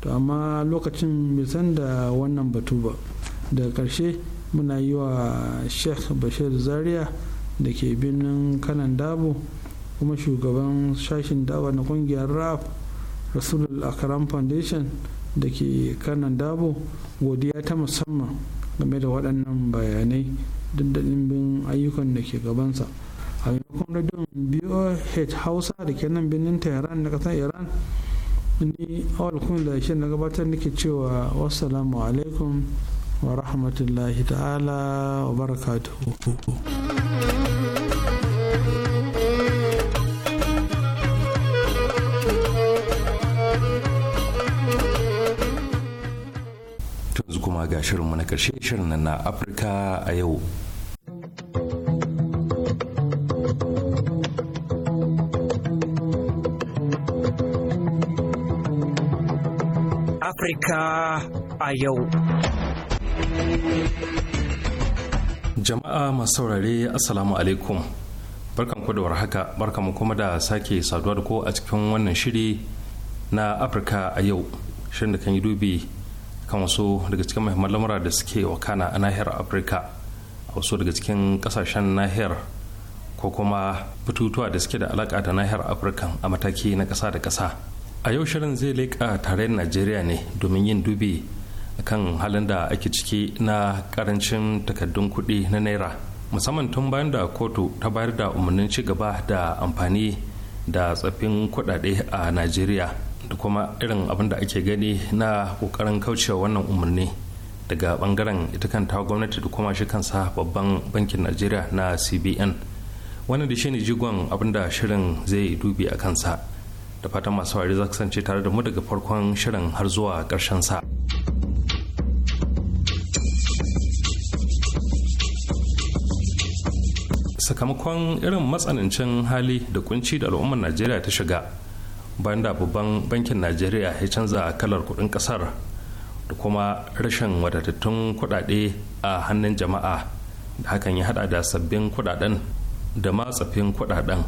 to amma lokacin bai san da wannan batu ba daga karshe muna yi wa sheikh bashir zaria da ke birnin kanan dabo kuma shugaban sashen dawa na kungiyar raf rasulul akram foundation da ke kanan dabo godiya ta musamman game da waɗannan bayanai duk bin ayyukan da ke gabansa a maimakon radiyon boh hausa da ke nan birnin tehran na kasar iran ni awal kun da shi na gabatar nake cewa wassalamu alaikum wa rahmatullahi ta'ala wa barakatuhu yanzu kuma ga shirinmu na ƙarshe shirin na afirka a yau Afirka a yau. Jama'a masu saurare Assalamu alaikum. Barkan ku da warhaka, barkan mu kuma da sake saduwa da ko a cikin wannan shiri na Afirka a yau. Shirin da kan yi dubi kan wasu daga cikin muhimman lamura da suke wakana a nahiyar Afirka a wasu daga cikin kasashen nahiyar ko kuma batutuwa da suke da alaka da nahiyar Afirka a mataki na ƙasa da ƙasa. a yau shirin zai leƙa tarayyar najeriya ne domin yin dubi kan halin da ake ciki na karancin takardun kuɗi na naira musamman tun bayan da kotu ta bayar da umarnin ci gaba da amfani da tsaffin kuɗaɗe a najeriya da kuma irin abin da ake gani na ƙoƙarin kaucewa wannan umarni daga bangaren ita kan ta gwamnati da kuma shi kansa babban bankin najeriya na cbn wannan da shi ne jigon abin da shirin zai dubi a kansa da fatan masu wari za kasance tare da mu daga farkon shirin har zuwa karshen sa. sakamakon irin matsanancin hali da kunci da al'ummar najeriya ta shiga bayan da babban bankin najeriya ya canza kalar kudin kasar da kuma rashin wadatattun kudade a hannun jama'a da hakan ya hada da sabbin kudaden da matsafin kudaden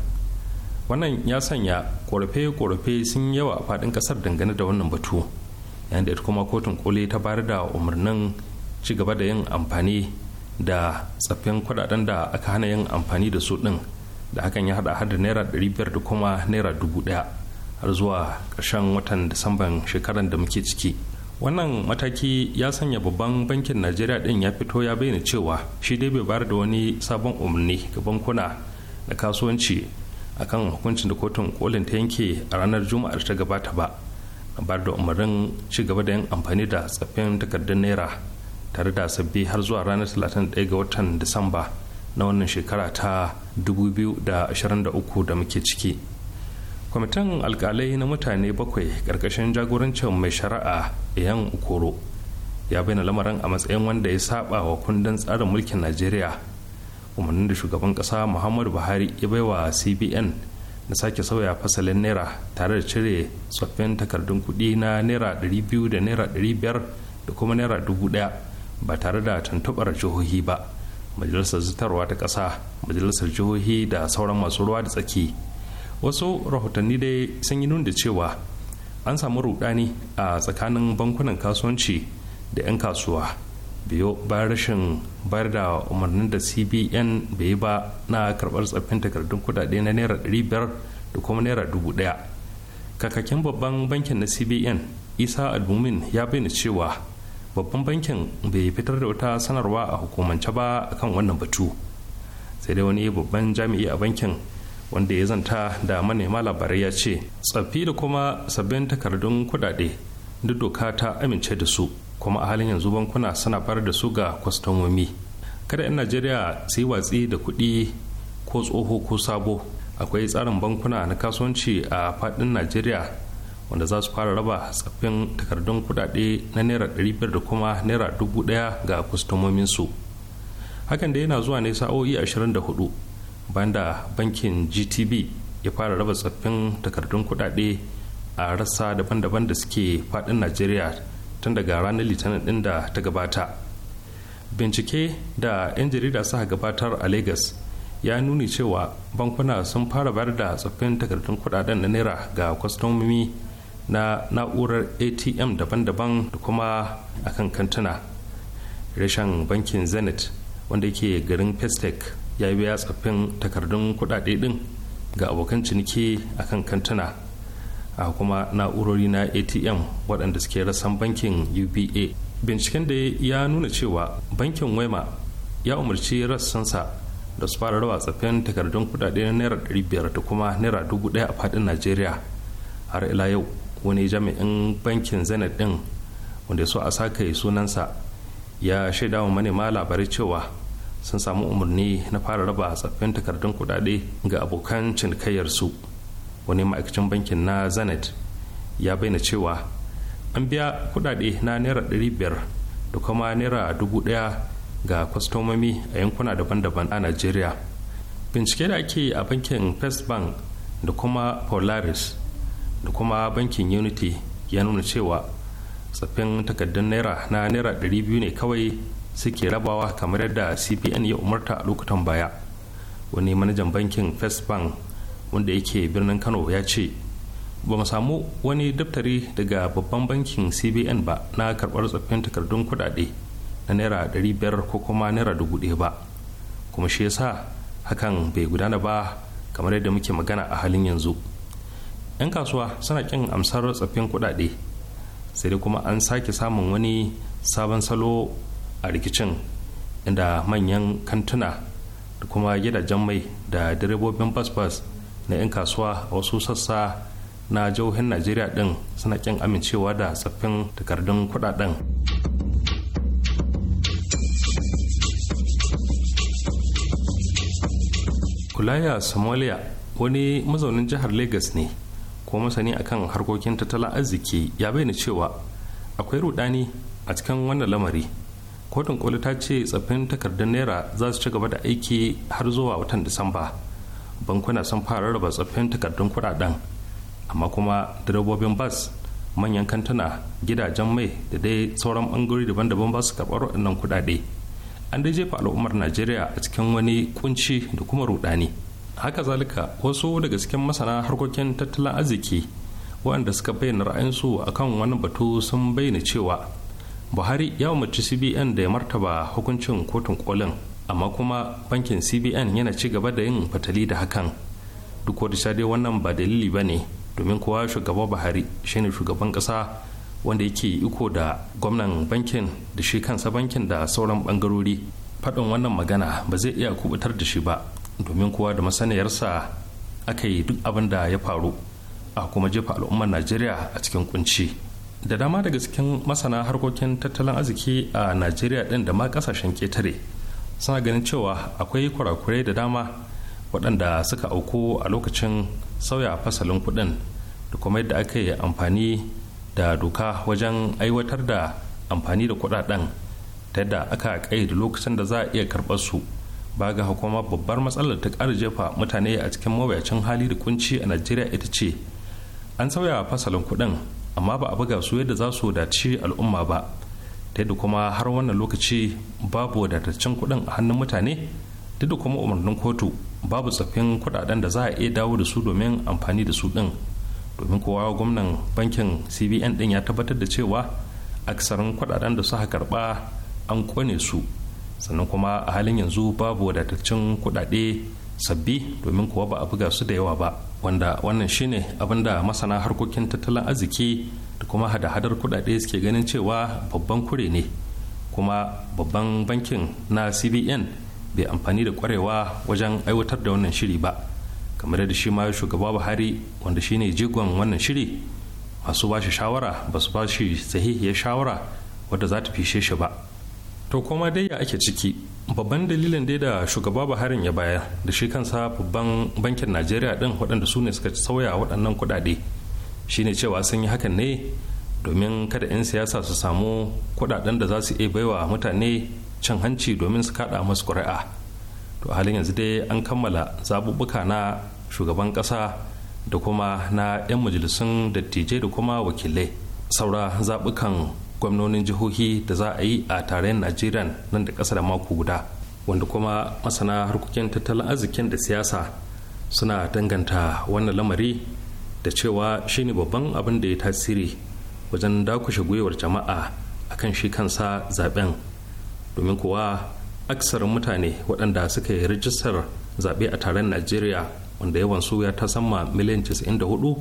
wannan ya sanya korafe-korafe sun yawa a faɗin ƙasar dangane da wannan batu yayin da ita kuma kotun koli ta bayar da umarnin ci gaba da yin amfani da tsaffin kudaden da aka hana yin amfani da su ɗin da hakan ya hada hada naira ɗari biyar da kuma naira dubu ɗaya har zuwa ƙarshen watan disamban shekaran da muke ciki wannan mataki ya sanya babban bankin najeriya ɗin ya fito ya bayyana cewa shi dai bai bayar da wani sabon umarni ga bankuna da kasuwanci akan hukuncin da kotun kolin ta yanke a ranar juma'ar ta gabata ba ba da umarnin ci gaba da yin amfani da tsaffin takardun naira tare da sabbi har zuwa ranar 31 ga watan disamba na wannan shekara ta 2023 da muke ciki kwamitin alkalai na mutane bakwai karkashin jagorancin mai shari'a yan ukoro ya bayyana lamarin a matsayin wanda ya saba wa kundin tsarin mulkin najeriya umarnin da shugaban kasa muhammadu buhari ya bai wa cbn na sake sauya fasalin naira tare da cire tsoffin takardun kuɗi na naira 200 da naira 500 da kuma naira 1000 ba tare da tuntuɓar jihohi ba majalisar zitarwa ta ƙasa majalisar jihohi da sauran masu ruwa da tsaki wasu rahotanni dai sun yi nuna cewa an samu rudani a tsakanin bankunan kasuwanci da 'yan kasuwa biyo bayan rashin bayar da umarnin da cbn bai ba na karbar tsaffin takardun kudade na naira biyar da kuma naira dubu 1000 kakakin babban bankin na cbn isa albumin ya bayyana cewa babban bankin bai fitar da wata sanarwa a hukumance ba akan wannan batu sai dai wani babban jami'i a bankin wanda ya zanta da manema labarai ya ce tsaffi da kuma sabbin takardun kudade duk doka ta amince da su kuma a halin yanzu bankuna suna far da su ga kwastomomi kada 'yan najeriya su yi watsi da kuɗi ko tsoho ko sabo akwai tsarin bankuna na kasuwanci a faɗin najeriya wanda za su fara raba tsaffin takardun kuɗaɗe na naira biyar da kuma naira dubu 1000 ga kwastomominsu hakan da yana zuwa ne sa'o'i 24 banda bankin gtb ya fara raba tsaffin takardun kuɗaɗe a rassa daban-daban da suke faɗin najeriya tun daga ranar litinin din da ta gabata bincike da 'yan jarida suka gabatar a lagos ya nuni cewa bankuna sun fara bayar da tsoffin takardun kudaden na naira ga kwastomomi na na'urar atm daban-daban da kuma akan kantuna reshen bankin zenith wanda yake garin pestec ya biya tsoffin takardun kudade din ga abokan ciniki akan kantuna a kuma na'urori na atm waɗanda suke rasan bankin uba binciken da ya nuna cewa bankin wema ya umarci rassansa da su fara rawa tsafin takardun kudade na naira biyar da kuma naira dubu 1000 a fadin najeriya har ila yau wani jami'in bankin zenith din wanda so a saka sunansa ya shaida wa manema labarai cewa sun samu umarni na fara raba tsaffin takardun kudade ga abokan cinikayyarsu wani ma'aikacin bankin na zenith ya bayyana cewa an biya kudade na naira 500 da kuma naira dubu 1000 ga kwastomomi a yankuna daban-daban a nigeria bincike da ake a bankin first bank da kuma polaris da kuma bankin unity ya nuna cewa tsaffin takardun naira na naira biyu ne kawai suke rabawa kamar yadda cbn ya umarta a lokutan baya wani manajan bankin first bank wanda yake birnin kano ya ce ba mu samu wani daftari daga babban bankin cbn ba na karɓar tsoffin takardun kudade na naira biyar ko kuma naira 1000 ba kuma shi yasa hakan bai gudana ba kamar yadda muke magana a halin yanzu 'yan kasuwa suna kin amsar tsoffin kudade sai dai kuma an sake samun wani sabon salo a rikicin inda manyan kantuna da kuma gidajen mai da direbobin bas-bas na 'yan kasuwa a wasu sassa na jihohin najeriya din suna kin amincewa da tsaffin takardun kudaden kulaya somalia wani mazaunin jihar lagos ne ko masani akan harkokin tattalin arziki ya bayyana cewa akwai rudani a cikin wannan lamari kotun koli ta ce tsaffin takardun naira za su ci gaba da aiki har zuwa watan disamba bankuna sun fara raba tsoffin takardun kuɗaɗen amma kuma direbobin bas manyan kantuna gidajen mai da dai sauran bangarori daban-daban ba su karɓar waɗannan kuɗaɗe an dai jefa al'ummar najeriya a cikin wani kunci da kuma rudani haka zalika wasu daga cikin masana harkokin tattalin arziki waɗanda suka bayyana ra'ayinsu a kan wani batu sun bayyana cewa buhari ya umarci cbn da ya martaba hukuncin kotun kolin amma kuma bankin cbn yana ci gaba da yin fatali da hakan duk wadda dai wannan ba dalili ba ne domin kowa shugaba buhari shine shugaban kasa wanda yake iko da gwamnan bankin da shi kansa bankin da sauran bangarori faɗin wannan magana ba zai iya kubutar da shi ba domin kowa da masaniyarsa aka yi duk abin da ya faru a kuma jefa al'ummar najeriya a cikin kunci da dama daga cikin masana harkokin tattalin arziki a najeriya ɗin da ma ƙasashen ketare. suna ganin cewa akwai kurakurai da dama waɗanda suka auku a lokacin sauya fasalin kuɗin da kuma yadda aka yi amfani da doka wajen aiwatar da amfani da kuɗaɗen ta yadda aka kai da lokacin da za a iya karɓar su ba ga hukuma babbar matsalar ta ƙara jefa mutane a cikin mawuyacin hali da kunci a najeriya ita ce an sauya fasalin kuɗin amma ba a buga su yadda za su dace al'umma ba ta yadda kuma har wannan lokaci babu wadataccen kuɗin a hannun mutane duk da kuma umarnin kotu babu tsaffin kuɗaɗen da za a iya dawo da su domin amfani da su ɗin domin kowa gwamnan bankin cbn ɗin ya tabbatar da cewa aksarin kuɗaɗen da suka karɓa an kone su sannan kuma a halin yanzu babu wadataccen kuɗaɗe sabbi domin kowa ba a buga su da yawa ba wanda wannan shine abin da masana harkokin tattalin arziki kuma hada-hadar kudade suke ganin cewa babban kure ne kuma babban bankin na cbn bai amfani da kwarewa wajen aiwatar da wannan shiri ba kamar da shi ma shugaba buhari wanda shine jigon wannan shiri masu ba shi shawara ba su ba shi sahihiyar shawara wadda za ta fishe shi ba to kuma dai ya ake ciki babban dalilin dai da shugaba buharin ya bayar da shi kansa babban bankin najeriya din waɗanda su ne suka sauya waɗannan kuɗaɗe shine cewa sun yi hakan ne domin kada 'yan siyasa su samu kudaden da za su iya baiwa mutane cin hanci domin su kada masu kuri'a to halin yanzu dai an kammala zaɓuɓɓuka na shugaban ƙasa da kuma na 'yan majalisun dattijai da kuma wakilai saura zaɓukan gwamnonin jihohi da za a yi a tarayyar najeriya nan da ƙasa da mako guda wanda kuma masana harkokin tattalin arzikin da siyasa suna danganta wannan lamari da cewa shine babban abin da ya tasiri wajen dakushe gwiwar jama'a a kan shi kansa zaben domin kuwa aksar mutane waɗanda suka yi rijistar zaɓe a taron najeriya wanda yawan su ya tasamma miliyan 94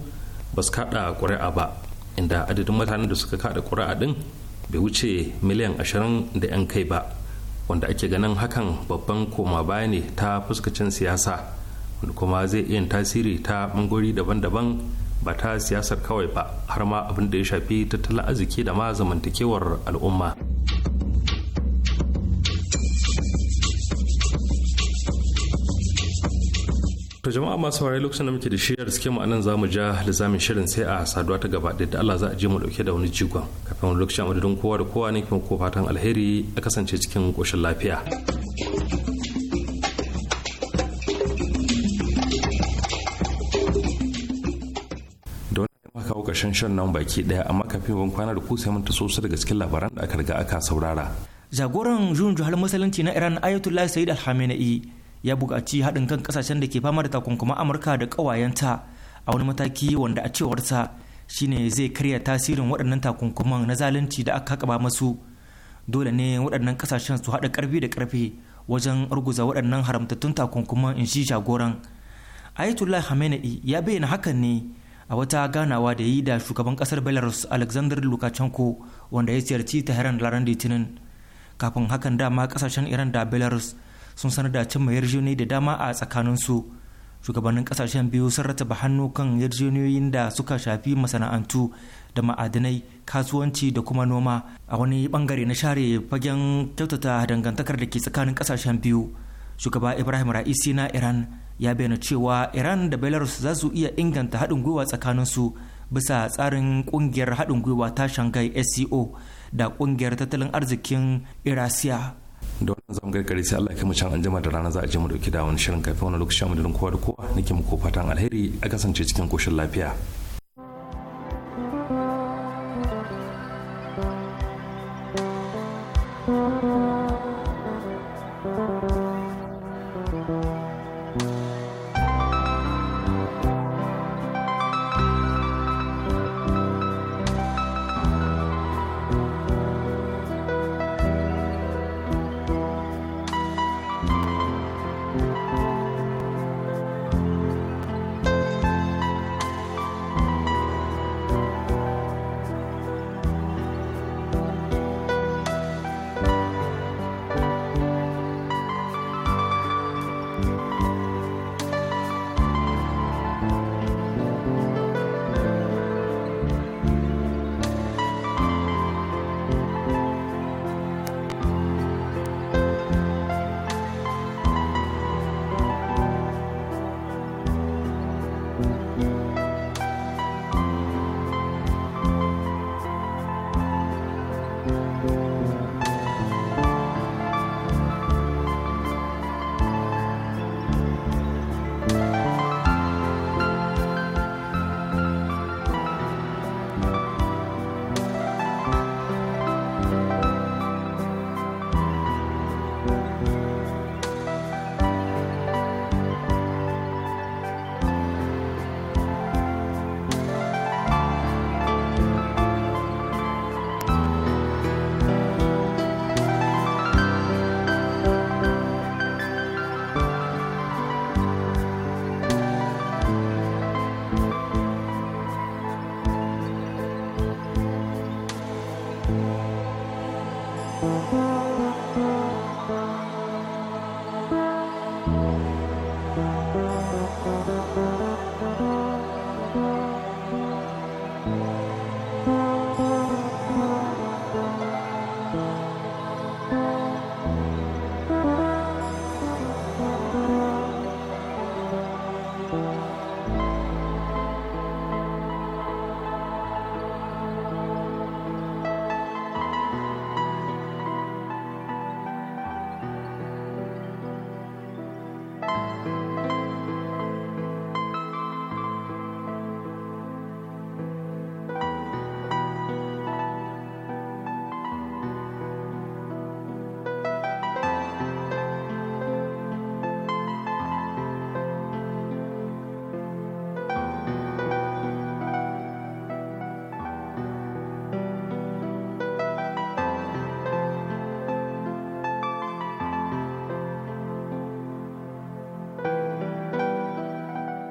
ba su kaɗa ƙuri'a ba inda adadin mutanen da suka kaɗa ƙuri'a ɗin bai wuce miliyan 20 da 'yan kai ba wanda ake ganin hakan babban koma baya ne ta fuskacin siyasa kuma zai iya tasiri ta bangori daban-daban ba ta siyasar kawai ba har ma abin da ya shafi tattalin arziki da ma zamantakewar al'umma to jama'a masu saurari lokacin da muke da shi suke mu anan zamu ja lizamin shirin sai a saduwa ta gaba da Allah za a je mu dauke da wani jigon kafin wani lokacin a madadin kowa da kowa ne kuma ko fatan alheri a kasance cikin koshin lafiya karshen shan nan baki daya amma kafin wani kwana da ku sai mun taso su daga cikin labaran da aka riga aka saurara. Jagoran jun juhal musulunci na Iran Ayatollah Sayyid al ya buƙaci haɗin kan ƙasashen da ke fama da takunkuman Amurka da ƙawayenta a wani mataki wanda a cewarsa shine zai karya tasirin waɗannan takunkuman na zalunci da aka kaba masu. Dole ne waɗannan ƙasashen su haɗa ƙarfi da ƙarfe wajen ruguza waɗannan haramtattun takunkuman in shi jagoran. Ayatollah hamenei ya bayyana hakan ne a wata ganawa da yi da shugaban kasar belarus alexander lukashenko wanda ya ziyarci taharan laran litinin kafin hakan dama kasashen iran da belarus sun sanar da cimma yarjejeniyoyi da dama a tsakaninsu shugabannin kasashen biyu sun rataba hannu kan yarjejeniyoyin da suka shafi masana'antu da ma'adinai kasuwanci da kuma noma a wani bangare na share fagen kyautata dangantakar da ke tsakanin kasashen biyu shugaba ibrahim ra'isi na iran ya bayyana cewa iran da belarus za su iya inganta haɗin gwiwa tsakanin su bisa tsarin ƙungiyar haɗin gwiwa ta shanghai sco da ƙungiyar tattalin arzikin irasiya da wannan zamu gargare sai Allah ya kama can anjima da rana za a je mu dauki da wani shirin kafin wani lokacin mu da kowa da kowa nake muku fatan alheri a kasance cikin koshin lafiya